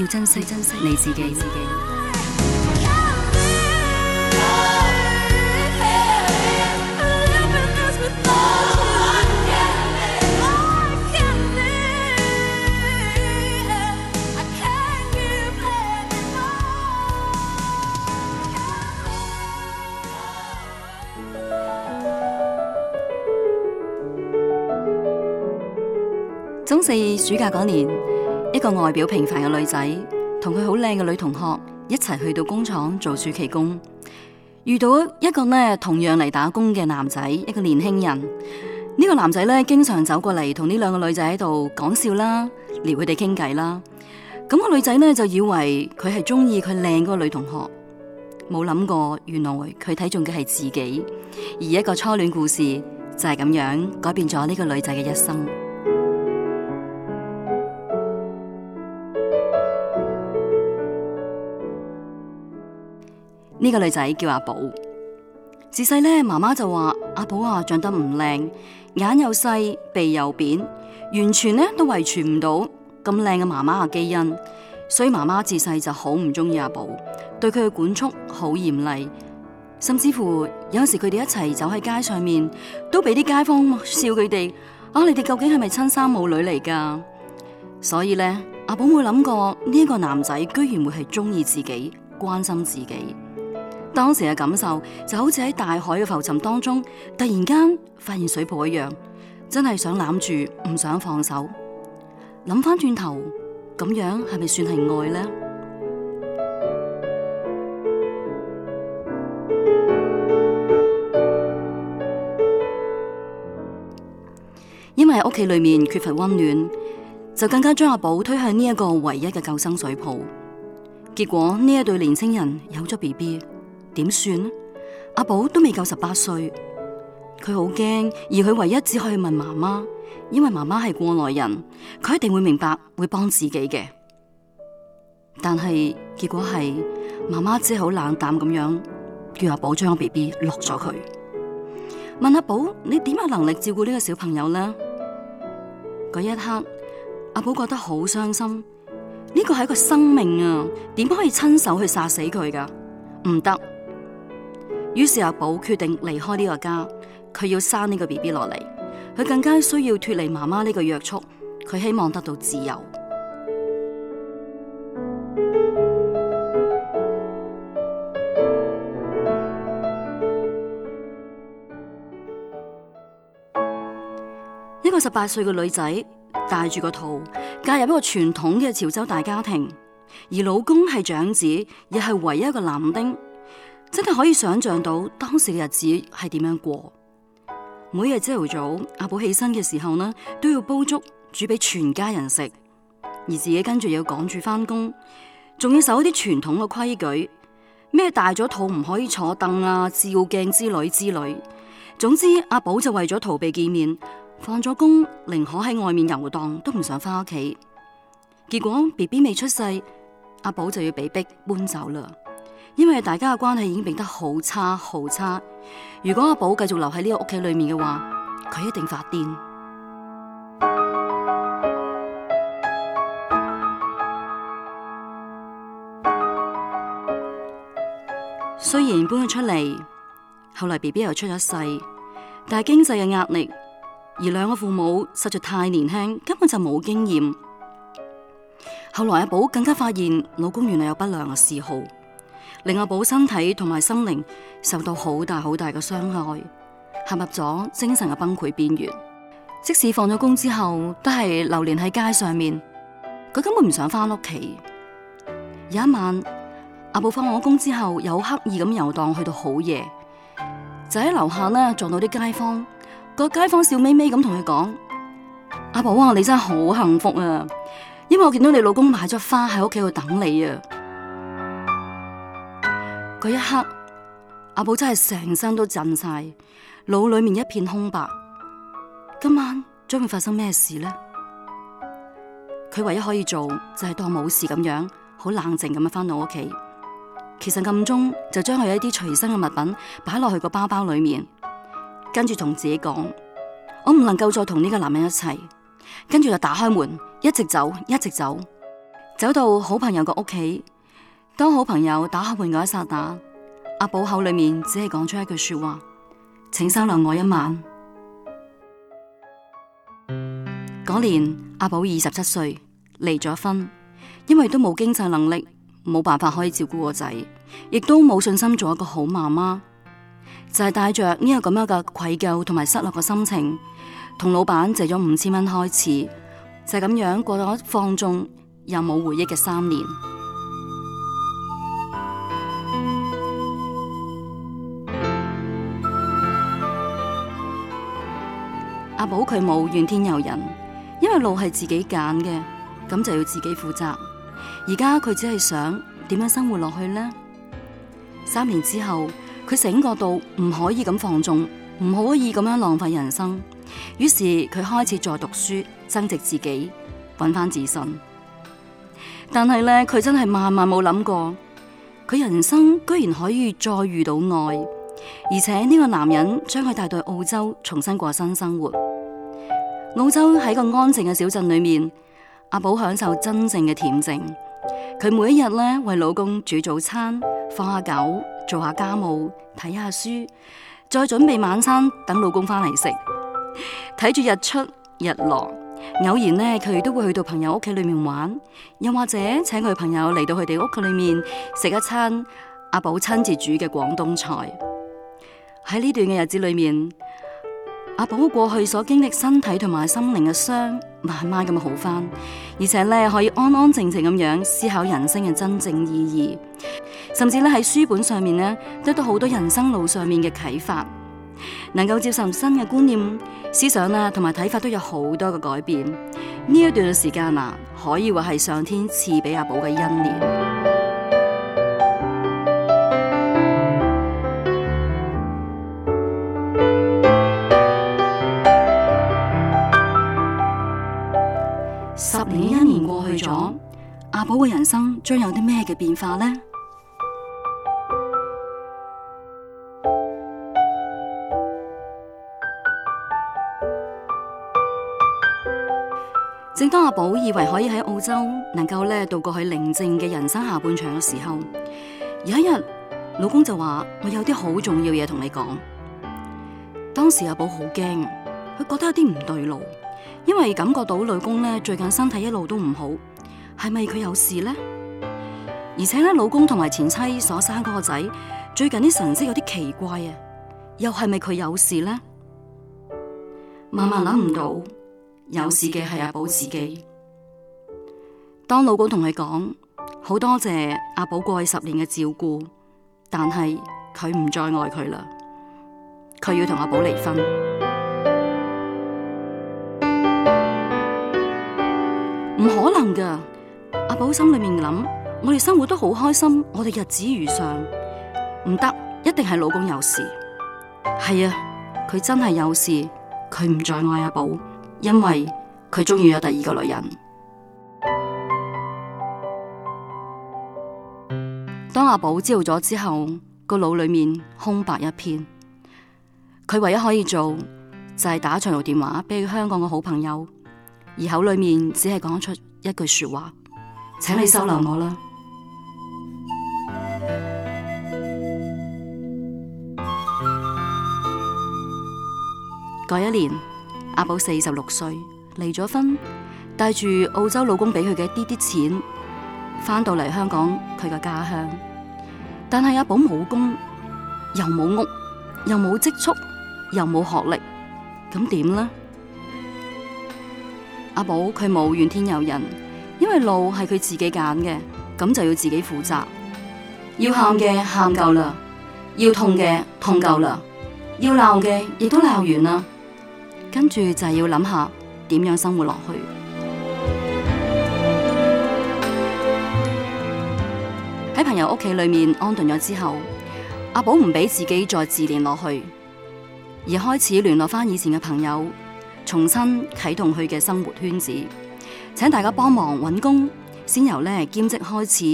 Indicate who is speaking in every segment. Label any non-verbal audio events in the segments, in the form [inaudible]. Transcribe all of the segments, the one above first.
Speaker 1: 要珍惜珍惜你自己。 [noise] [noise] 中四暑假嗰年。一個外表平凡嘅女仔，同佢好靚嘅女同學一齊去到工廠做暑期工，遇到一個咧同樣嚟打工嘅男仔，一個年輕人。呢個男仔咧經常走過嚟，同呢兩個女仔喺度講笑啦，撩佢哋傾偈啦。咁個女仔咧就以為佢係中意佢靚嗰個女同學，冇諗過原來佢睇中嘅係自己。而一個初戀故事就係咁樣改變咗呢個女仔嘅一生。呢個女仔叫阿寶，自細咧，媽媽就話阿寶啊，長得唔靚，眼又細，鼻又扁，完全咧都遺傳唔到咁靚嘅媽媽嘅、啊、基因，所以媽媽自細就好唔中意阿寶，對佢嘅管束好嚴厲，甚至乎有陣時佢哋一齊走喺街上面，都俾啲街坊笑佢哋啊，你哋究竟係咪親生母女嚟噶？所以咧，阿寶會諗過呢、呢個男仔居然會係中意自己，關心自己。當時嘅感受就好似喺大海嘅浮沉當中，突然間發現水泡一樣，真係想攬住唔想放手。諗翻轉頭，咁樣係咪算係愛呢？因為屋企裏面缺乏溫暖，就更加將阿寶推向呢一個唯一嘅救生水泡。結果呢一對年青人有咗 BB。點算？阿寶都未夠十八歲，佢好驚，而佢唯一只可以問媽媽，因為媽媽係過來人，佢一定會明白會幫自己嘅。但係結果係媽媽只係好冷淡咁樣叫阿寶將 BB 落咗佢，問阿寶你點有能力照顧呢個小朋友呢？嗰一刻，阿寶覺得好傷心，呢個係一個生命啊，點可以親手去殺死佢噶？唔得！於是阿寶決定離開呢個家，佢要生呢個 B B 落嚟，佢更加需要脫離媽媽呢個約束，佢希望得到自由。 [music] 一個十八歲嘅女仔帶住個肚，嫁入一個傳統嘅潮州大家庭，而老公係長子，亦係唯一一個男丁。真係可以想象到當時嘅日子係點樣過。每日朝頭早，阿寶起身嘅時候呢，都要煲粥煮俾全家人食，而自己跟住又要趕住翻工，仲要守啲傳統嘅規矩，咩大咗肚唔可以坐凳啊、照鏡之類之類。總之，阿寶就為咗逃避見面，放咗工，寧可喺外面遊蕩，都唔想翻屋企。結果 BB 未出世，阿寶就要被逼搬走啦。因為大家嘅關係已經變得好差好差。如果阿寶繼續留喺呢個屋企裏面嘅話，佢一定發癲。 [music] 雖然搬咗出嚟，後來 B B 又出咗世，但係經濟嘅壓力，而兩個父母實在太年輕，根本就冇經驗。後來阿寶更加發現，老公原來有不良嘅嗜好。令阿寶身體同埋心靈受到好大好大嘅傷害，陷入咗精神嘅崩潰邊緣。即使放咗工之後，都係流連喺街上面。佢根本唔想翻屋企。有一晚，阿寶翻完工之後，有刻意咁遊蕩去到好夜，就喺樓下呢撞到啲街坊。個街坊笑眯眯咁同佢講：「阿寶啊，你真係好幸福啊！因為我見到你老公買咗花喺屋企度等你啊！嗰一刻，阿寶真係成身都震晒，腦裏面一片空白。今晚將會發生咩事呢？佢唯一可以做就係當冇事咁樣，好冷靜咁樣翻到屋企。其實暗中就將佢一啲隨身嘅物品擺落去個包包裏面，跟住同自己講：我唔能夠再同呢個男人一齊。跟住就打開門，一直走，一直走，走到好朋友嘅屋企。當好朋友打開門嗰一剎那，阿寶口裏面只係講出一句說話：請收留我一晚。嗰年阿寶二十七歲，離咗婚，因為都冇經濟能力，冇辦法可以照顧個仔，亦都冇信心做一個好媽媽，就係帶着呢個咁樣嘅愧疚同埋失落嘅心情，同老闆借咗五千蚊開始，就係咁樣過咗放縱又冇回憶嘅三年。阿寶佢冇怨天尤人，因為路係自己揀嘅，咁就要自己負責。而家佢只係想點樣生活落去呢？三年之後，佢醒覺到唔可以咁放縱，唔可以咁樣浪費人生。於是佢開始再讀書，增值自己，揾翻自信。但係呢，佢真係萬萬冇諗過，佢人生居然可以再遇到愛，而且呢個男人將佢帶到澳洲，重新過新生活。澳洲喺個安靜嘅小鎮裏面，阿寶享受真正嘅恬靜。佢每一日呢，為老公煮早餐，放下狗，做下家務，睇下書，再準備晚餐等老公翻嚟食。睇住日出日落，偶然呢，佢都會去到朋友屋企裏面玩，又或者請佢朋友嚟到佢哋屋企裏面食一餐阿寶親自煮嘅廣東菜。喺呢段嘅日子裏面，阿寶過去所經歷身體同埋心靈嘅傷，慢慢咁好翻，而且咧可以安安靜靜咁樣思考人生嘅真正意義，甚至咧喺書本上面咧得到好多人生路上面嘅啟發，能夠接受新嘅觀念、思想啦，同埋睇法都有好多嘅改變。呢一段嘅時間啊，可以話係上天賜俾阿寶嘅恩典。十年五年過去咗，阿寶嘅人生將有啲咩嘅變化呢？ [music] 正當阿寶以為可以喺澳洲能夠咧度過去寧靜嘅人生下半場嘅時候，有一日，老公就話，我有啲好重要嘢同你講。當時阿寶好驚，佢覺得有啲唔對路。因為感覺到老公咧，最近身體一路都唔好，係咪佢有事呢？而且咧，老公同埋前妻所生嗰個仔，最近啲神色有啲奇怪啊，又係咪佢有事呢？慢慢諗唔到，嗯、有事嘅係阿寶自己。嗯、當老公同佢講好多謝阿寶過去十年嘅照顧，但係佢唔再愛佢啦，佢要同阿寶離婚。唔可能噶，阿寶心裏面諗，我哋生活都好開心，我哋日子如常。唔得，一定係老公有事。係啊，佢真係有事，佢唔再愛阿寶，因為佢中意咗第二個女人。 [noise] 當阿寶知道咗之後，個腦裏面空白一片，佢唯一可以做就係、是、打長途電話俾佢香港嘅好朋友。而口裏面只係講出一句說話，請你收留我啦。嗰 [music] 一年，阿寶四十六歲，離咗婚，帶住澳洲老公俾佢嘅一啲啲錢，返到嚟香港佢嘅家鄉。但係阿寶冇工，又冇屋，又冇積蓄，又冇學歷，咁點呢？阿寶佢冇怨天尤人，因為路係佢自己揀嘅，咁就要自己負責。要喊嘅喊夠啦，要痛嘅痛夠啦，要鬧嘅亦都鬧完啦，跟住就係要諗下點樣生活落去。喺 [music] 朋友屋企裏面安頓咗之後，阿寶唔俾自己再自憐落去，而開始聯絡翻以前嘅朋友。重新啟動佢嘅生活圈子，請大家幫忙揾工，先由呢兼職開始，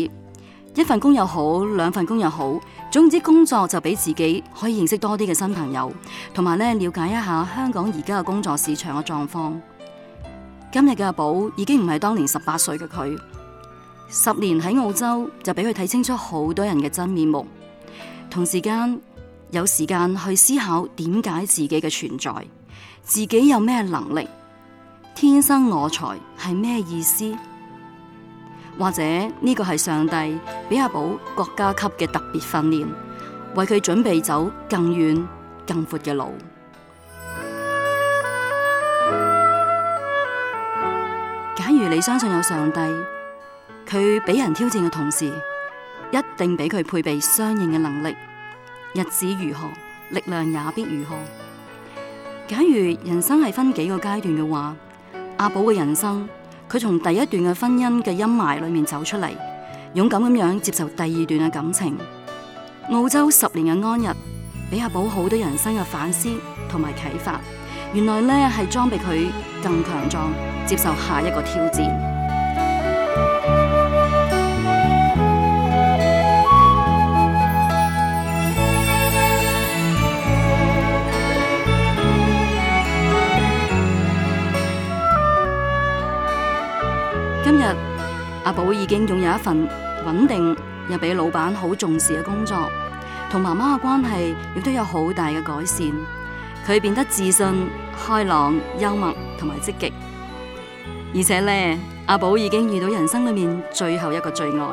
Speaker 1: 一份工又好，兩份工又好，總之工作就俾自己可以認識多啲嘅新朋友，同埋呢了解一下香港而家嘅工作市場嘅狀況。今日嘅阿寶已經唔係當年十八歲嘅佢，十年喺澳洲就俾佢睇清楚好多人嘅真面目，同時間有時間去思考點解自己嘅存在。自己有咩能力？天生我材係咩意思？或者呢個係上帝俾阿寶國家級嘅特別訓練，為佢準備走更遠、更闊嘅路。假如你相信有上帝，佢俾人挑戰嘅同時，一定俾佢配備相應嘅能力。日子如何，力量也必如何。假如人生係分幾個階段嘅話，阿寶嘅人生，佢從第一段嘅婚姻嘅陰霾裏面走出嚟，勇敢咁樣接受第二段嘅感情。澳洲十年嘅安逸，俾阿寶好多人生嘅反思同埋啟發。原來呢係裝備佢更強壯，接受下一個挑戰。阿寶已經擁有一份穩定又俾老闆好重視嘅工作，同媽媽嘅關係亦都有好大嘅改善。佢變得自信、開朗、幽默同埋積極，而且呢，阿寶已經遇到人生裏面最後一個最愛，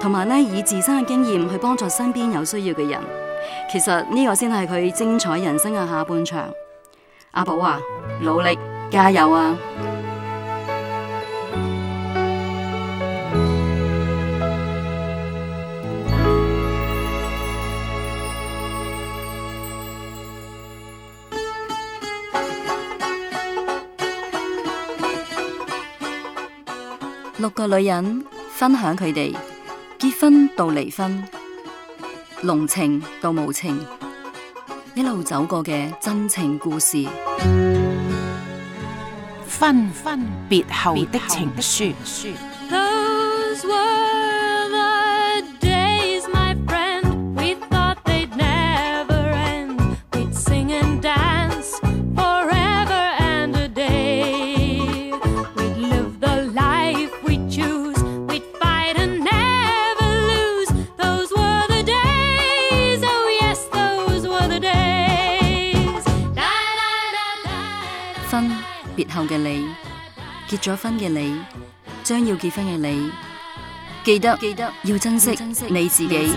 Speaker 1: 同埋呢以自身嘅經驗去幫助身邊有需要嘅人。其實呢個先係佢精彩人生嘅下半場。阿寶啊，努力加油啊！六個女人分享佢哋結婚到離婚，濃情到無情，一路走過嘅真情故事，分分別後的情書嘅你，結咗婚嘅你，將要結婚嘅你，記得要珍惜你自己。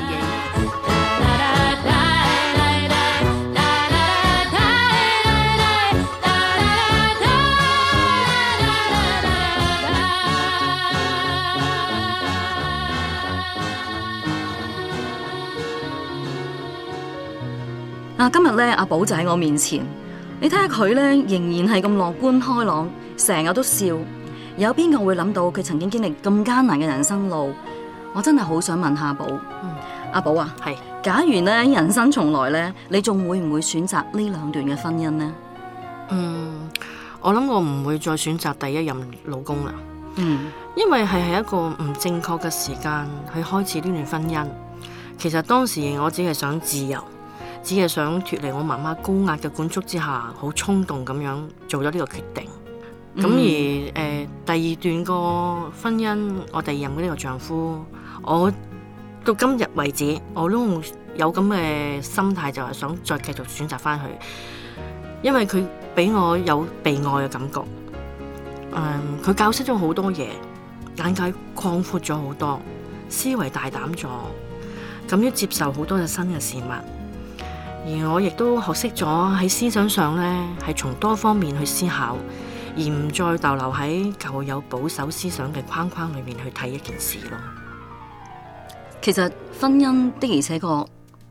Speaker 1: 嗱，今日咧，阿寶就喺我面前。你睇下佢咧，仍然係咁樂觀開朗，成日都笑。有邊個會諗到佢曾經經歷咁艱難嘅人生路？我真係好想問，問下寶，嗯、阿寶啊，係是假如咧，人生重來咧，你仲會唔會選擇呢兩段嘅婚姻呢？嗯，我諗我唔會再選擇第一任老公啦。嗯，因為係係一個
Speaker 2: 唔正確嘅時間去開始呢段婚姻。其實當時我只係想自由。只係想脫離我媽媽高壓嘅管束之下，好衝動咁樣做咗呢個決定。咁、嗯、而誒、呃，第二段個婚姻，我第二任嘅呢個丈夫，我到今日為止，我都有咁嘅心態，就係想再繼續選擇翻佢，因為佢俾我有被愛嘅感覺。誒、嗯、佢、嗯、教識咗好多嘢，眼界擴闊咗好多，思維大膽咗，敢於接受好多嘅新嘅事物。而我亦都學識咗喺思想上咧，係從多方面去思考，而唔再逗留喺舊有保守思想嘅框框裏面去睇一件事咯。
Speaker 1: 其實婚姻的而且確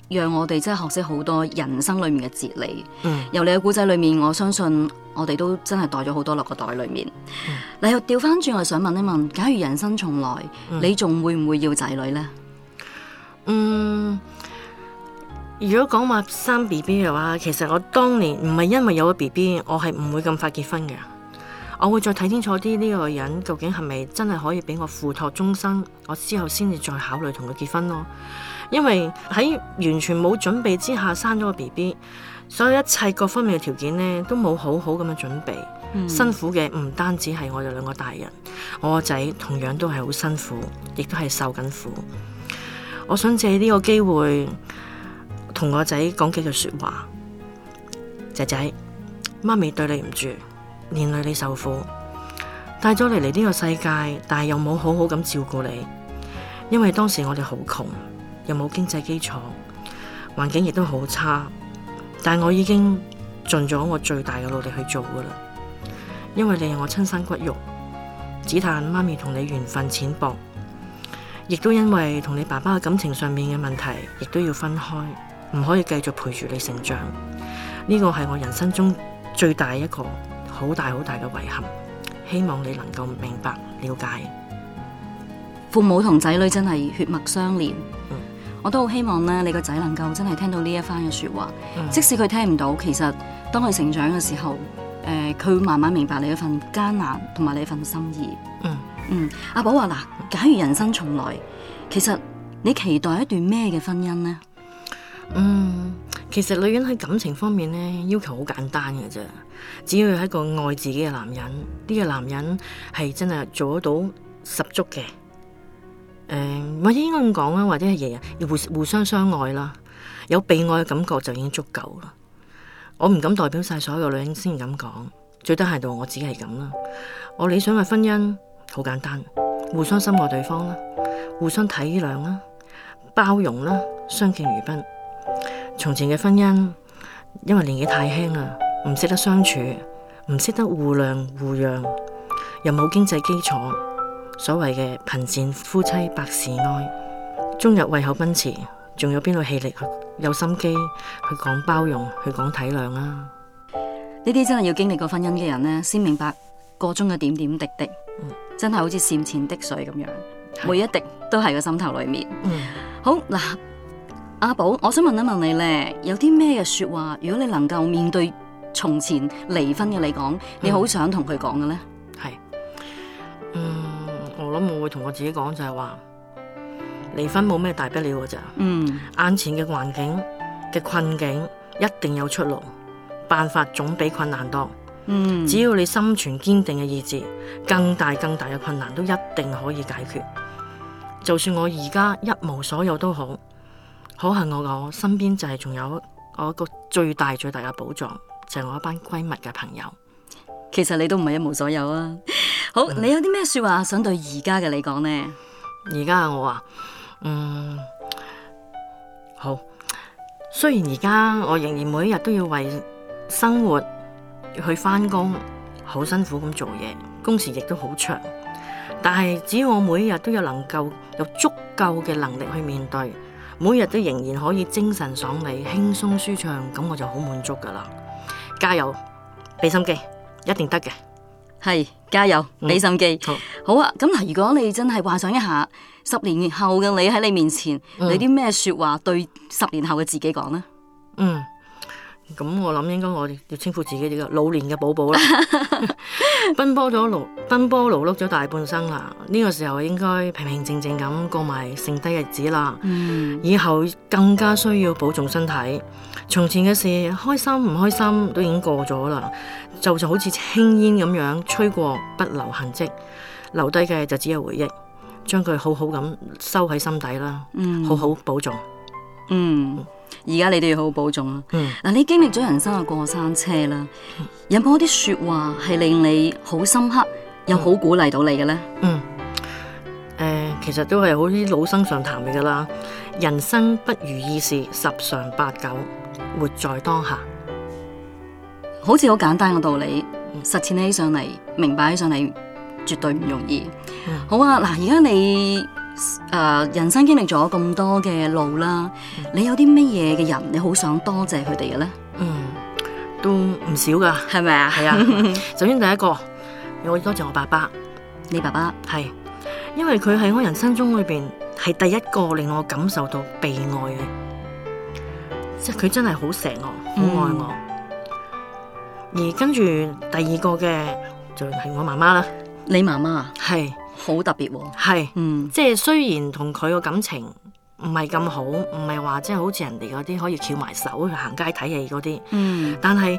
Speaker 1: 讓我哋真係學識好多人生裏面嘅哲理。嗯、由你嘅故仔裏面，我相信我哋都真係袋咗好多落個袋裏面。你、嗯、又調翻轉，我想問一問：假如人生重來、嗯、你仲會唔會要仔女呢？嗯。
Speaker 2: 如果講話生 B B 嘅話，其實我當年唔係因為有個 B B，我係唔會咁快結婚嘅。我會再睇清楚啲呢個人究竟係咪真係可以俾我付託終生，我之後先至再考慮同佢結婚咯。因為喺完全冇準備之下生咗個 B B，所有一切各方面嘅條件呢都冇好好咁嘅準備，
Speaker 1: 嗯、辛
Speaker 2: 苦嘅唔單止係我哋兩個大人，我個仔同樣都係好辛苦，亦都係受緊苦。我想借呢個機會，同我仔講幾句說話，仔仔，媽咪對你唔住，連累你受苦，帶咗你嚟呢個世界，但係又冇好好咁照顧你，因為當時我哋好窮，又冇經濟基礎，環境亦都好差，但我已經盡咗我最大嘅努力去做㗎喇。因為你係我親生骨肉，只嘆媽咪同你緣分淺薄，亦都因為同你爸爸嘅感情上面嘅問題，亦都要分開。唔可以繼續陪住你成長，呢個係我人生中最大一個好大好大嘅遺憾。希望你能夠明白了解，
Speaker 1: 父母同仔女真係血脈相連。嗯、我都好希望呢，你個仔能夠真係聽到呢一番嘅說話。嗯、即使佢聽唔到，其實當佢成長嘅時候，誒、呃，佢會慢慢明白你一份艱難同埋你一份心意。嗯嗯，阿寶話嗱，假如人生重來，其實你期待一段咩嘅婚姻呢？
Speaker 2: 嗯，其實女人喺感情方面咧，要求好簡單嘅啫，只要係一個愛自己嘅男人，呢、這個男人係真係做得到十足嘅，誒、嗯，或者應該咁講啦，或者係人人互互相相愛啦，有被愛嘅感覺就已經足夠啦。我唔敢代表晒所有女人先咁講，最低限度我自己係咁啦。我理想嘅婚姻好簡單，互相深愛對方啦，互相體諒啦，包容啦，相敬如賓。從前嘅婚姻，因為年紀太輕啦，唔識得相處，唔識得互諒互讓，又冇經濟基礎，所謂嘅貧賤夫妻百事哀，終日為口奔馳，仲有邊度氣力去有心機去講包容，去講體諒啊？
Speaker 1: 呢啲真係要經歷過婚姻嘅人呢，先明白個中嘅點點滴滴，嗯、真係好似簷前滴水咁樣，的每一滴都係個心頭裏面。嗯、好嗱。阿寶，我想問一問你咧，有啲咩嘅說話？如果你能夠面對從前離婚嘅你講，你好想同佢講嘅呢？係、嗯，
Speaker 2: 嗯，我諗我會同我自己講就係話，離婚冇咩大不了嘅咋。嗯，眼前嘅環境嘅困境一定有出路，辦法總比困難多，嗯，只要你心存堅定嘅意志，更大更大嘅困難都一定可以解決，就算我而家一無所有都好。好幸我我身邊就係仲有我一個最大最大嘅寶藏，就係、是、我一班閨蜜嘅朋友。
Speaker 1: 其實你都唔係一無所有啊。好，嗯、你有啲咩說話想對而家嘅你講呢？而家我啊，嗯，好。
Speaker 2: 雖然而家我仍然每一日都要為生活去返工，好辛苦咁做嘢，工時亦都好長，但係只要我每一日都有能夠有足夠嘅能力去面對。每日都仍然可以精神爽利、輕鬆舒暢，咁我就好滿足㗎喇！加油，俾心機，
Speaker 1: 一定得嘅。係，加油，俾心機。好，好啊。咁嗱，如果你真係幻想一下十年後嘅你喺你面前，嗯、你啲咩説話對十年後嘅自己講呢？嗯。
Speaker 2: 咁我諗應該我哋要稱呼自己呢個老年嘅寶寶啦，奔波咗勞奔波勞碌咗大半生啦，呢個時候應該平平靜靜咁過埋剩低日子啦。嗯，以後更加需要保重身體。從前嘅事，開心唔開心都已經過咗啦，就就好似青煙咁樣吹過，不留痕跡，留低嘅就只有回憶，將佢好好咁收喺心底啦。嗯，好好保重。
Speaker 1: 嗯。嗯而家你都要好好保重啊。嗱、嗯，你經歷咗人生嘅過山車啦，嗯、有冇一啲說話係令你好深刻又好鼓勵到你嘅咧？嗯，誒、
Speaker 2: 呃，其實都係好啲老生常談嚟噶啦。人生不如意事十常
Speaker 1: 八九，活在當下，好似好簡單嘅道理，實踐起上嚟，明白起上嚟，絕對唔容易。嗯、好啊，嗱，而家你。誒，uh, 人生經歷咗咁多嘅路啦，嗯、你有啲乜嘢嘅人你好想多謝佢哋嘅咧？嗯，都唔
Speaker 2: 少噶，係咪啊？係啊。首先第一個，我要多謝我爸爸，你爸爸係，因為佢喺我人生中裏邊係第一個令我感受到被愛嘅，即係佢真係好錫我，好愛我。嗯、而跟住第二個嘅就係我媽媽啦，你媽媽係。好特別喎、哦，係是，嗯，即係雖然同佢個感情唔係咁好，唔係話即係好似人哋嗰啲可以翹埋手去行街睇戲嗰啲，嗯，但係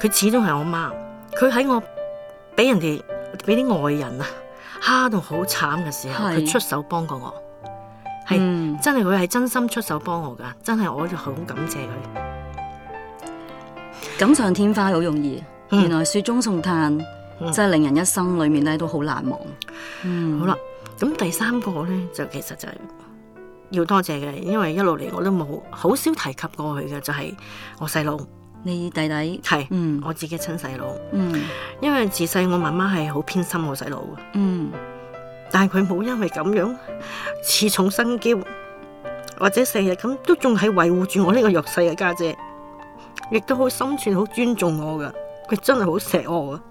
Speaker 2: 佢始終係我媽，佢喺我俾人哋俾啲外人啊蝦到好慘嘅時候，佢是出手幫過我，係、嗯、真係佢係真心出手幫我噶，真係我好感謝佢，
Speaker 1: 錦、嗯、上添花好容易，嗯、原來雪中送炭。真係、嗯、令人一生裏面咧都好難忘。嗯、好啦，咁第
Speaker 2: 三個咧就其實就係要多謝嘅，因為一路嚟我都冇好少提及過佢嘅，就係、是、我細佬，你弟弟係是、嗯、我自己親細佬嗯，因為自細我媽媽係好偏心我細佬嘅，嗯，但係佢冇因為咁樣恃寵生驕，或者成日咁都仲係維護住我呢個弱勢嘅家姐，姐，亦都好心存好尊重我噶，佢真係好錫我啊。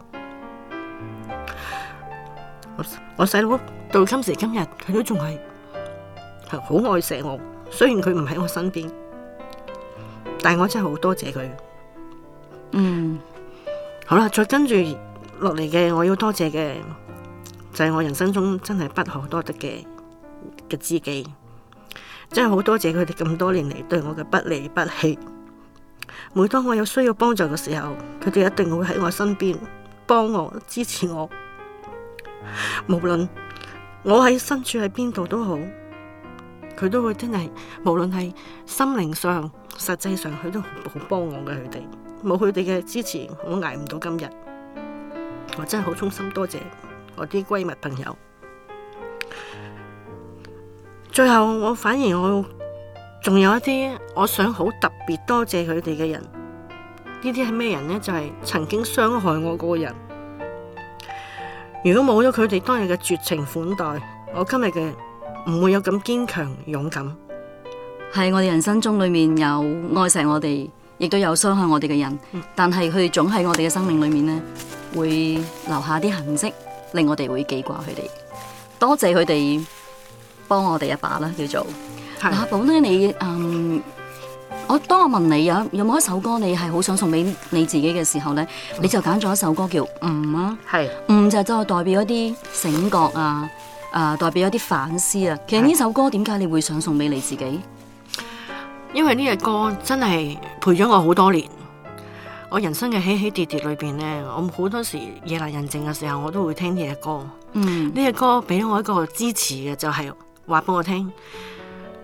Speaker 2: 我我細佬到今時今日，佢都仲係好愛錫我。雖然佢唔喺我身邊，但係我真係好多謝佢。嗯，好啦，再跟住落嚟嘅，我要多謝嘅就係我人生中真係不可多得嘅嘅知己，真係好多謝佢哋咁多年嚟對我嘅不離不棄。每當我有需要幫助嘅時候，佢哋一定會喺我身邊幫我，支持我。無論我喺身處喺邊度都好，佢都會真係無論係心靈上、實際上，佢都好幫我嘅。佢哋冇佢哋嘅支持，我捱唔到今日。我真係好衷心多謝我啲閨蜜朋友。最後，我反而我仲有一啲，我想好特別多謝佢哋嘅人。呢啲係咩人呢？就係、是、曾經傷害我嗰個人。如果冇咗佢哋當日嘅絕情款待，我今日嘅唔會
Speaker 1: 有咁堅強勇敢。喺我哋人生中，裏面有愛錫我哋，亦都有傷害我哋嘅人，嗯、但係佢哋總喺我哋嘅生命裏面呢，會留下啲痕跡，令我哋會記掛佢哋。多謝佢哋幫我哋一把啦，叫做阿係寶呢，你嗯。我當我問你有有冇一首歌你係好想送俾你自己嘅時候呢？你就揀咗一首歌叫唔、嗯、啊，係唔是、嗯、就係代表一啲醒覺啊，啊、呃、代表一啲反思啊。其實呢首歌點解你會想送俾你自己？因
Speaker 2: 為呢隻歌真係陪咗我好多年，我人生嘅起起跌跌裏邊呢，我好多時夜闌人靜嘅時候，我都會聽呢隻歌。呢隻、嗯、歌俾我一個支持嘅就係話俾我聽，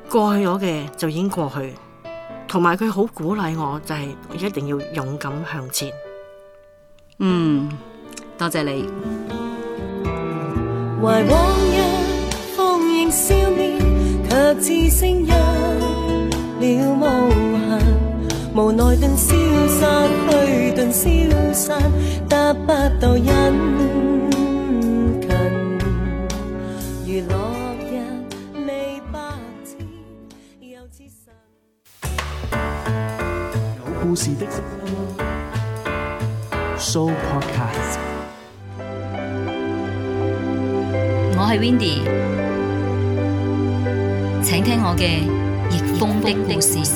Speaker 2: 過去咗嘅就已經過去。同埋佢好鼓勵我，就係一定要勇敢向前。嗯，
Speaker 1: 多謝你。
Speaker 2: 懷往日，奉迎笑面，卻似聲音了無痕。無奈頓消失，去頓消失，得
Speaker 1: 不到因。故事的 So Podcast，我係 Windy，請聽我嘅逆風的故事。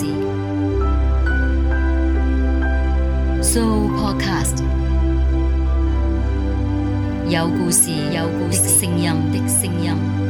Speaker 1: So Podcast，有故事，有故事的聲音的聲音。